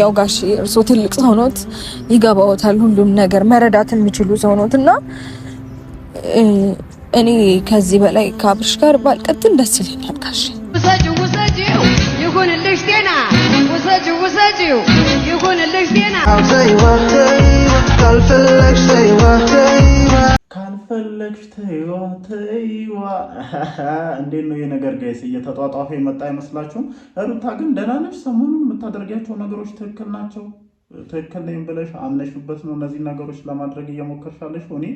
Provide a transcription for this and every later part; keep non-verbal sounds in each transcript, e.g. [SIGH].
ያው ጋሽ እርሶ ትልቅ ሰው ኖት፣ ይገባዎታል ሁሉም ነገር መረዳት የሚችሉ ሰው ኖት እና እኔ ከዚህ በላይ ከአብርሽ ጋር ባልቀጥል ደስ ይለኛል። ጋሽ ውሰጂው ውሰጂው ይሁንልሽ ዜና ውሰጂው ውሰጂው ይሁንልሽ ዜና ፈለግሽ ተይዋ ተይዋ። እንዴት ነው የነገር ጋይስ? እየተጧጧፈ የመጣ አይመስላችሁም? ሩታ ግን ደህና ነች። ሰሞኑን የምታደርጊያቸው ነገሮች ትክክል ናቸው። ትክክል ነኝ ብለሽ አምነሽበት ነው እነዚህ ነገሮች ለማድረግ እየሞከርሻለሽ። እኔ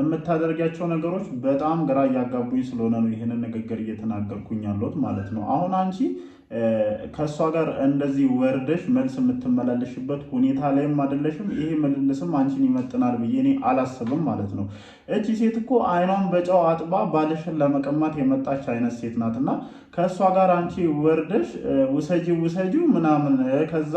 የምታደርጊያቸው ነገሮች በጣም ግራ እያጋቡኝ ስለሆነ ነው ይህንን ንግግር እየተናገርኩኝ ያለሁት ማለት ነው። አሁን አንቺ ከእሷ ጋር እንደዚህ ወርደሽ መልስ የምትመላለሽበት ሁኔታ ላይም አይደለሽም። ይሄ ምልልስም አንቺን ይመጥናል ብዬ እኔ አላስብም ማለት ነው። እቺ ሴት እኮ አይኗን በጨው አጥባ ባልሽን ለመቀማት የመጣች አይነት ሴት ናት እና ከእሷ ጋር አንቺ ወርደሽ ውሰጂ ውሰጂ ምናምን ከዛ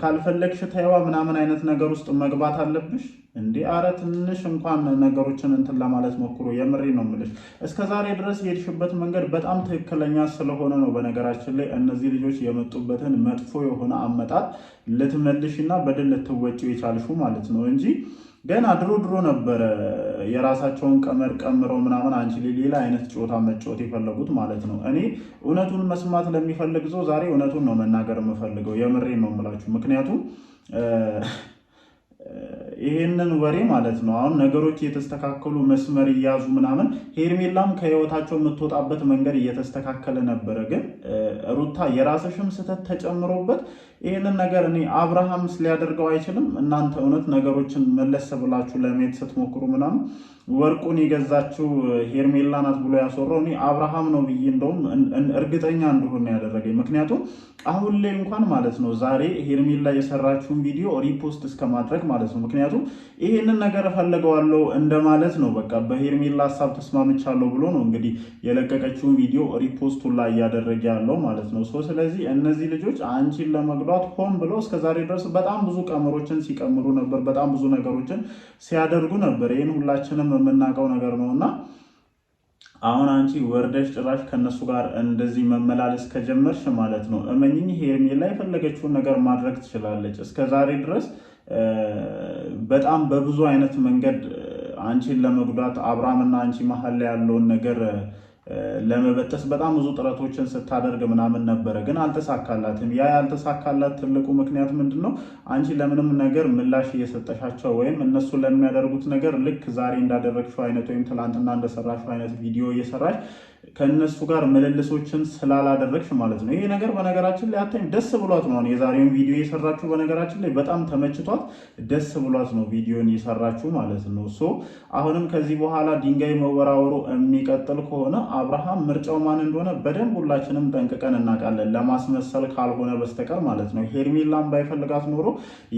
ካልፈለግሽ ተይዋ ምናምን አይነት ነገር ውስጥ መግባት አለብሽ እንዲህ አረ ትንሽ እንኳን ነገሮችን እንትን ለማለት ሞክሩ። የምሬ ነው የምልሽ። እስከ ዛሬ ድረስ የሄድሽበት መንገድ በጣም ትክክለኛ ስለሆነ ነው። በነገራችን ላይ እነዚህ ልጆች የመጡበትን መጥፎ የሆነ አመጣጥ ልትመልሽና በድል ልትወጪው የቻልሹ ማለት ነው እንጂ ገና ድሮ ድሮ ነበረ የራሳቸውን ቀመር ቀምረው ምናምን አንቺ ሌላ አይነት ጨዋታ መጫወት የፈለጉት ማለት ነው። እኔ እውነቱን መስማት ለሚፈልግ ሰው ዛሬ እውነቱን ነው መናገር የምፈልገው። የምሬ ነው የምላችሁ። ምክንያቱም ይሄንን ወሬ ማለት ነው አሁን ነገሮች እየተስተካከሉ መስመር እያዙ ምናምን ሄርሜላም ከህይወታቸው የምትወጣበት መንገድ እየተስተካከለ ነበረ። ግን ሩታ የራስሽም ስህተት ተጨምሮበት ይህንን ነገር እኔ አብርሃምስ ሊያደርገው አይችልም? እናንተ እውነት ነገሮችን መለስ ብላችሁ ለመሄድ ስትሞክሩ ምናምን ወርቁን የገዛችው ሄርሜላ ናት ብሎ ያስወራው እኔ አብርሃም ነው ብዬ እንደውም እርግጠኛ እንደሆነ ያደረገኝ። ምክንያቱም አሁን ላይ እንኳን ማለት ነው ዛሬ ሄርሜላ የሰራችውን ቪዲዮ ሪፖስት እስከማድረግ ማለት ነው። ምክንያቱም ይህንን ነገር እፈልገዋለሁ እንደማለት ነው። በቃ በሄርሜላ ሀሳብ ተስማምቻለሁ ብሎ ነው እንግዲህ የለቀቀችውን ቪዲዮ ሪፖስቱ ላይ እያደረገ ያለው ማለት ነው። ስለዚህ እነዚህ ልጆች አንቺን ለመግደ ለመጉዳት ሆን ብለው እስከዛሬ ድረስ በጣም ብዙ ቀመሮችን ሲቀምሩ ነበር። በጣም ብዙ ነገሮችን ሲያደርጉ ነበር። ይህን ሁላችንም የምናውቀው ነገር ነው እና አሁን አንቺ ወርደሽ ጭራሽ ከነሱ ጋር እንደዚህ መመላለስ ከጀመርሽ ማለት ነው፣ እመኝኝ ላይ የፈለገችውን ነገር ማድረግ ትችላለች። እስከዛሬ ድረስ በጣም በብዙ አይነት መንገድ አንቺን ለመጉዳት አብርሃምና አንቺ መሀል ላይ ያለውን ነገር ለመበጠስ በጣም ብዙ ጥረቶችን ስታደርግ ምናምን ነበረ፣ ግን አልተሳካላትም። ያ ያልተሳካላት ትልቁ ምክንያት ምንድን ነው? አንቺ ለምንም ነገር ምላሽ እየሰጠሻቸው ወይም እነሱ ለሚያደርጉት ነገር ልክ ዛሬ እንዳደረግሽው አይነት ወይም ትላንትና እንደሰራሽው አይነት ቪዲዮ እየሰራሽ ከእነሱ ጋር ምልልሶችን ስላላደረግሽ ማለት ነው። ይሄ ነገር በነገራችን ላይ አታይም። ደስ ብሏት ነው የዛሬውን ቪዲዮ የሰራችሁ። በነገራችን ላይ በጣም ተመችቷት ደስ ብሏት ነው ቪዲዮን የሰራችሁ ማለት ነው። ሶ አሁንም ከዚህ በኋላ ድንጋይ መወራወሩ የሚቀጥል ከሆነ አብርሃም ምርጫው ማን እንደሆነ በደንብ ሁላችንም ጠንቅቀን እናውቃለን። ለማስመሰል ካልሆነ በስተቀር ማለት ነው። ሄርሜላን ባይፈልጋት ኖሮ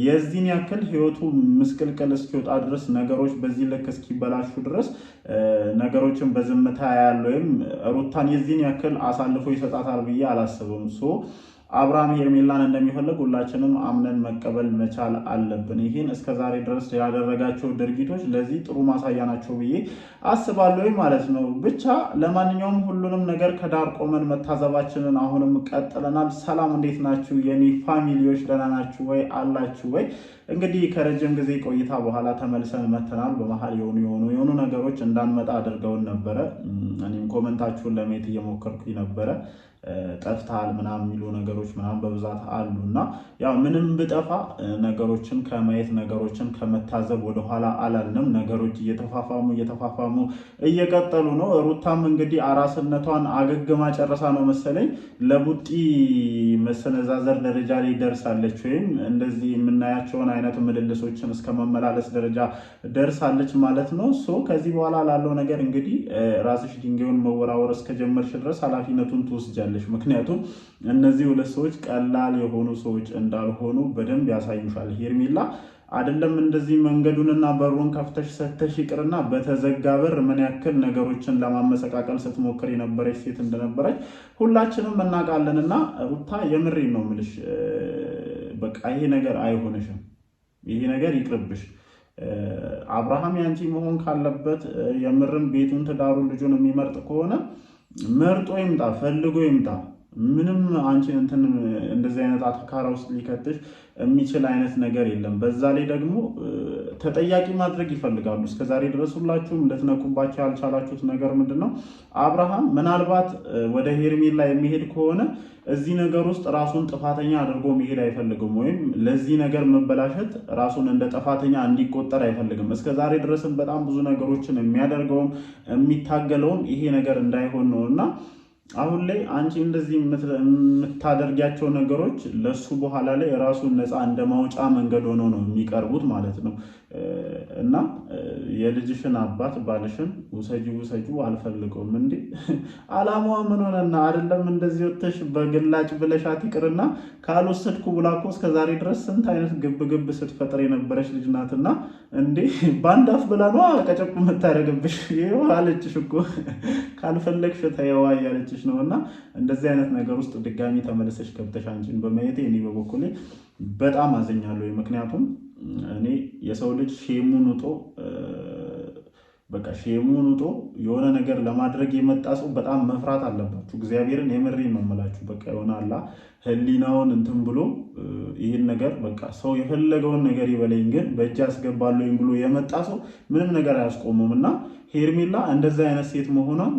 የዚህን ያክል ህይወቱ ምስቅልቅል እስኪወጣ ድረስ ነገሮች በዚህ ልክ እስኪበላሹ ድረስ ነገሮችን በዝምታ ያለ ወይም ሩታን የዚህን ያክል አሳልፎ ይሰጣታል ብዬ አላስብም። አብርሃም ሄርሜላን እንደሚፈልግ ሁላችንም አምነን መቀበል መቻል አለብን። ይህን እስከ ዛሬ ድረስ ያደረጋቸው ድርጊቶች ለዚህ ጥሩ ማሳያ ናቸው ብዬ አስባለሁ ማለት ነው። ብቻ ለማንኛውም ሁሉንም ነገር ከዳር ቆመን መታዘባችንን አሁንም ቀጥለናል። ሰላም፣ እንዴት ናችሁ የኔ ፋሚሊዎች? ደህና ናችሁ ወይ? አላችሁ ወይ? እንግዲህ ከረጅም ጊዜ ቆይታ በኋላ ተመልሰን መተናል። በመሀል የሆኑ የሆኑ የሆኑ ነገሮች እንዳንመጣ አድርገውን ነበረ። እኔም ኮመንታችሁን ለማየት እየሞከርኩኝ ነበረ ጠፍታል ምናምን የሚሉ ነገሮች ምናምን በብዛት አሉ እና ያው ምንም ብጠፋ ነገሮችን ከማየት ነገሮችን ከመታዘብ ወደኋላ አላልንም። ነገሮች እየተፋፋሙ እየተፋፋሙ እየቀጠሉ ነው። ሩታም እንግዲህ አራስነቷን አገግማ ጨረሳ ነው መሰለኝ ለቡጢ መሰነዛዘር ደረጃ ላይ ደርሳለች፣ ወይም እንደዚህ የምናያቸውን አይነት ምልልሶችን እስከ መመላለስ ደረጃ ደርሳለች ማለት ነው። ሶ ከዚህ በኋላ ላለው ነገር እንግዲህ ራስሽ ድንጋዩን መወራወር እስከጀመርሽ ድረስ ኃላፊነቱን ትወስጃል። ትችያለሽ። ምክንያቱም እነዚህ ሁለት ሰዎች ቀላል የሆኑ ሰዎች እንዳልሆኑ በደንብ ያሳዩሻል ሄርሜላ አይደለም እንደዚህ መንገዱንና በሩን ከፍተሽ ሰተሽ ይቅርና በተዘጋ በር ምን ያክል ነገሮችን ለማመሰቃቀል ስትሞክር የነበረች ሴት እንደነበረች ሁላችንም እናውቃለንና ሩታ የምሬ ነው ምልሽ። በቃ ይሄ ነገር አይሆንሽም፣ ይሄ ነገር ይቅርብሽ። አብርሃም ያንቺ መሆን ካለበት የምርም ቤቱን ትዳሩን ልጁን የሚመርጥ ከሆነ መርጦ ይምጣ፣ ፈልጎ ይምጣ። ምንም አንቺ እንትን እንደዚህ አይነት አትካራ ውስጥ ሊከትሽ የሚችል አይነት ነገር የለም። በዛ ላይ ደግሞ ተጠያቂ ማድረግ ይፈልጋሉ። እስከዛሬ ድረስ ሁላችሁም ያልቻላችሁት ነገር ምንድን ነው? አብርሃም ምናልባት ወደ ሄርሜላ የሚሄድ ከሆነ እዚህ ነገር ውስጥ ራሱን ጥፋተኛ አድርጎ መሄድ አይፈልግም፣ ወይም ለዚህ ነገር መበላሸት ራሱን እንደ ጥፋተኛ እንዲቆጠር አይፈልግም። እስከ ዛሬ ድረስም በጣም ብዙ ነገሮችን የሚያደርገውም የሚታገለውም ይሄ ነገር እንዳይሆን ነው እና አሁን ላይ አንቺ እንደዚህ የምታደርጊያቸው ነገሮች ለሱ በኋላ ላይ ራሱን ነፃ እንደ ማውጫ መንገድ ሆኖ ነው የሚቀርቡት ማለት ነው። እና የልጅሽን አባት ባልሽን ውሰጂ ውሰጂ አልፈልገውም። እንዲ አላማዋ ምን ሆነና አይደለም? እንደዚህ ወተሽ በግላጭ ብለሻት ይቅርና ካልወሰድኩ ብላ እኮ እስከዛሬ ድረስ ስንት አይነት ግብግብ ስትፈጥር የነበረች ልጅ ናትና፣ እንዲ በአንድ አፍ ብላ ነዋ ቀጨቁ የምታደርግብሽ አለችሽ እኮ ካልፈለግሽ ተየዋ ያለችሽ እየተመለሰች ነው እና እንደዚህ አይነት ነገር ውስጥ ድጋሚ ተመለሰች ገብተሽ አንቺን በማየቴ እኔ በበኩሌ በጣም አዘኛለሁ። ምክንያቱም እኔ የሰው ልጅ ሼሙን ውጦ በቃ ሼሙን ውጦ የሆነ ነገር ለማድረግ የመጣ ሰው በጣም መፍራት አለባችሁ። እግዚአብሔርን የምሬን ነው የምላችሁ። በቃ የሆነ አላ ህሊናውን እንትን ብሎ ይህን ነገር በቃ ሰው የፈለገውን ነገር ይበለኝ፣ ግን በእጅ አስገባለኝ ብሎ የመጣ ሰው ምንም ነገር አያስቆሙም እና ሄርሜላ እንደዚህ አይነት ሴት መሆኗን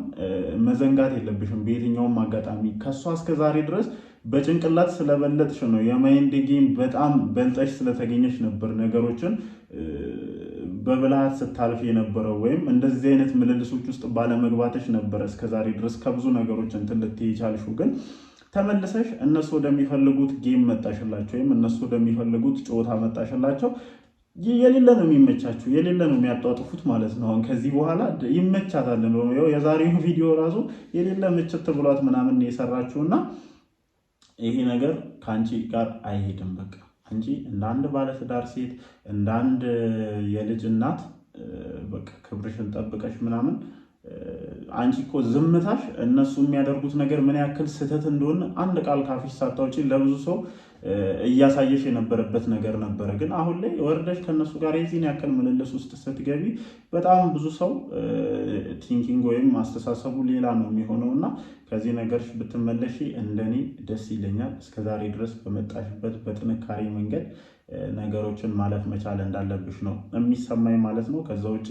መዘንጋት የለብሽም። በየትኛውም አጋጣሚ ከእሷ ዛሬ ድረስ በጭንቅላት ስለበለጥሽ ነው የማይንድ ጌም በጣም በልጠሽ ስለተገኘች ነበር ነገሮችን በብልሃት ስታልፍ የነበረው ወይም እንደዚህ አይነት ምልልሶች ውስጥ ባለመግባተች ነበረ እስከዛሬ ድረስ ከብዙ ነገሮች እንትን ልትይ ቻልሹ ግን ተመልሰሽ እነሱ ወደሚፈልጉት ጌም መጣሽላቸው ወይም እነሱ ወደሚፈልጉት ጨዋታ መጣሽላቸው። የሌለ ነው የሚመቻችሁ፣ የሌለ ነው የሚያጧጥፉት ማለት ነው። አሁን ከዚህ በኋላ ይመቻታለን። ያው የዛሬው [LAUGHS] ቪዲዮ ራሱ የሌለ ምችት ብሏት ምናምን የሰራችሁ እና ይሄ ነገር ከአንቺ ጋር አይሄድም በቃ እንጂ እንደ አንድ ባለትዳር ሴት እንደ አንድ የልጅ እናት በቃ ክብርሽን ጠብቀሽ ምናምን አንቺ እኮ ዝምታሽ እነሱ የሚያደርጉት ነገር ምን ያክል ስህተት እንደሆነ አንድ ቃል ካፊሽ ሳታውጪ ለብዙ ሰው እያሳየሽ የነበረበት ነገር ነበረ። ግን አሁን ላይ ወርደሽ ከእነሱ ጋር የዚህን ያክል ምልልስ ውስጥ ስትገቢ በጣም ብዙ ሰው ቲንኪንግ ወይም አስተሳሰቡ ሌላ ነው የሚሆነው እና ከዚህ ነገር ብትመለሽ እንደኔ ደስ ይለኛል። እስከዛሬ ድረስ በመጣሽበት በጥንካሬ መንገድ ነገሮችን ማለፍ መቻል እንዳለብሽ ነው የሚሰማኝ ማለት ነው ከዛ ውጪ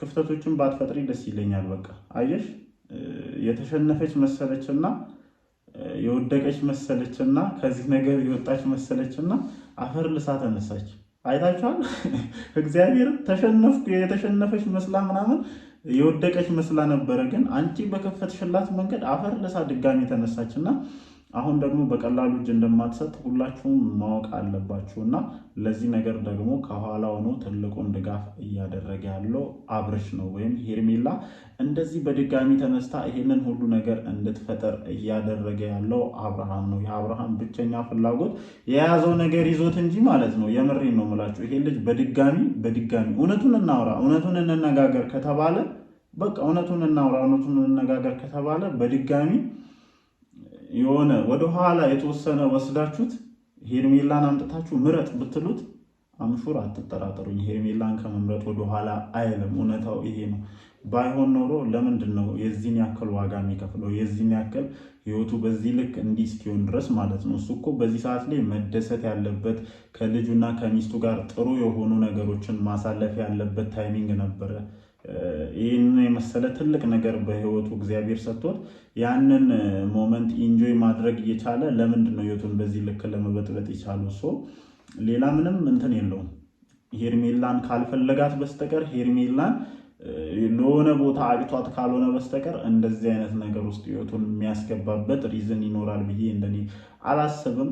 ክፍተቶችን ባትፈጥሪ ደስ ይለኛል። በቃ አየሽ፣ የተሸነፈች መሰለችና የወደቀች መሰለችና ከዚህ ነገር የወጣች መሰለችና አፈር ልሳ ተነሳች። አይታችኋል። [LAUGHS] እግዚአብሔር ተሸነፍኩ የተሸነፈች መስላ ምናምን የወደቀች መስላ ነበረ። ግን አንቺ በከፈትሽላት መንገድ አፈር ልሳ ድጋሚ ተነሳች ና። አሁን ደግሞ በቀላሉ እጅ እንደማትሰጥ ሁላችሁም ማወቅ አለባችሁ እና ለዚህ ነገር ደግሞ ከኋላ ሆኖ ትልቁን ድጋፍ እያደረገ ያለው አብርሽ ነው ወይም ሄርሜላ እንደዚህ በድጋሚ ተነስታ ይሄንን ሁሉ ነገር እንድትፈጠር እያደረገ ያለው አብርሃም ነው። የአብርሃም ብቸኛ ፍላጎት የያዘው ነገር ይዞት እንጂ ማለት ነው። የምሬን ነው ምላችሁ ይሄ ልጅ በድጋሚ በድጋሚ እውነቱን እናውራ፣ እውነቱን እንነጋገር ከተባለ በቃ እውነቱን እናውራ፣ እውነቱን እንነጋገር ከተባለ በድጋሚ የሆነ ወደኋላ የተወሰነ ወስዳችሁት ሄርሜላን አምጥታችሁ ምረጥ ብትሉት አምሹር አትጠራጠሩኝ፣ ሄርሜላን ከመምረጥ ወደኋላ አይልም። እውነታው ይሄ ነው። ባይሆን ኖሮ ለምንድን ነው የዚህን ያክል ዋጋ የሚከፍለው? የዚህን ያክል ህይወቱ በዚህ ልክ እንዲህ እስኪሆን ድረስ ማለት ነው። እሱ እኮ በዚህ ሰዓት ላይ መደሰት ያለበት ከልጁና ከሚስቱ ጋር ጥሩ የሆኑ ነገሮችን ማሳለፍ ያለበት ታይሚንግ ነበረ። ይህን የመሰለ ትልቅ ነገር በህይወቱ እግዚአብሔር ሰጥቶት ያንን ሞመንት ኢንጆይ ማድረግ እየቻለ ለምንድን ነው ህይወቱን በዚህ ልክ ለመበጥበጥ የቻሉ? ሶ ሌላ ምንም እንትን የለውም። ሄርሜላን ካልፈለጋት በስተቀር ሄርሜላን ለሆነ ቦታ አቅቷት ካልሆነ በስተቀር እንደዚህ አይነት ነገር ውስጥ ህይወቱን የሚያስገባበት ሪዝን ይኖራል ብዬ እንደኔ አላስብም።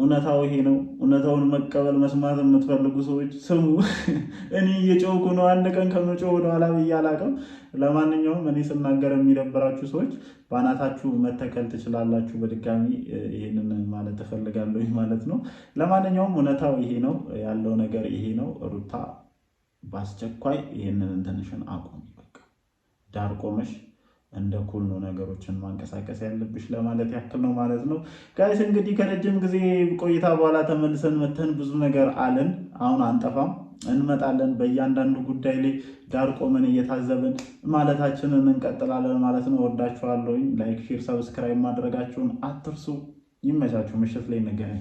እውነታው ይሄ ነው። እውነታውን መቀበል መስማት የምትፈልጉ ሰዎች ስሙ። እኔ እየጮኩ ነው። አንድ ቀን ከመጮ ወደኋላ ብዬ ለማንኛውም እኔ ስናገር የሚደብራችሁ ሰዎች በአናታችሁ መተከል ትችላላችሁ። በድጋሚ ይህንን ማለት እፈልጋለሁ ማለት ነው። ለማንኛውም እውነታው ይሄ ነው፣ ያለው ነገር ይሄ ነው። ሩታ በአስቸኳይ ይህንን እንትንሽን አቁም። ዳር ቆመሽ እንደ ኩል ነው ነገሮችን ማንቀሳቀስ ያለብሽ ለማለት ያክል ነው ማለት ነው። ጋይስ እንግዲህ ከረጅም ጊዜ ቆይታ በኋላ ተመልሰን መተን ብዙ ነገር አለን። አሁን አንጠፋም፣ እንመጣለን። በእያንዳንዱ ጉዳይ ላይ ዳር ቆመን እየታዘብን ማለታችንን እንቀጥላለን ማለት ነው። ወዳችኋለሁኝ። ላይክ፣ ሼር፣ ሰብስክራይብ ማድረጋችሁን አትርሱ። ይመቻችሁ። ምሽት ላይ እንገናኝ።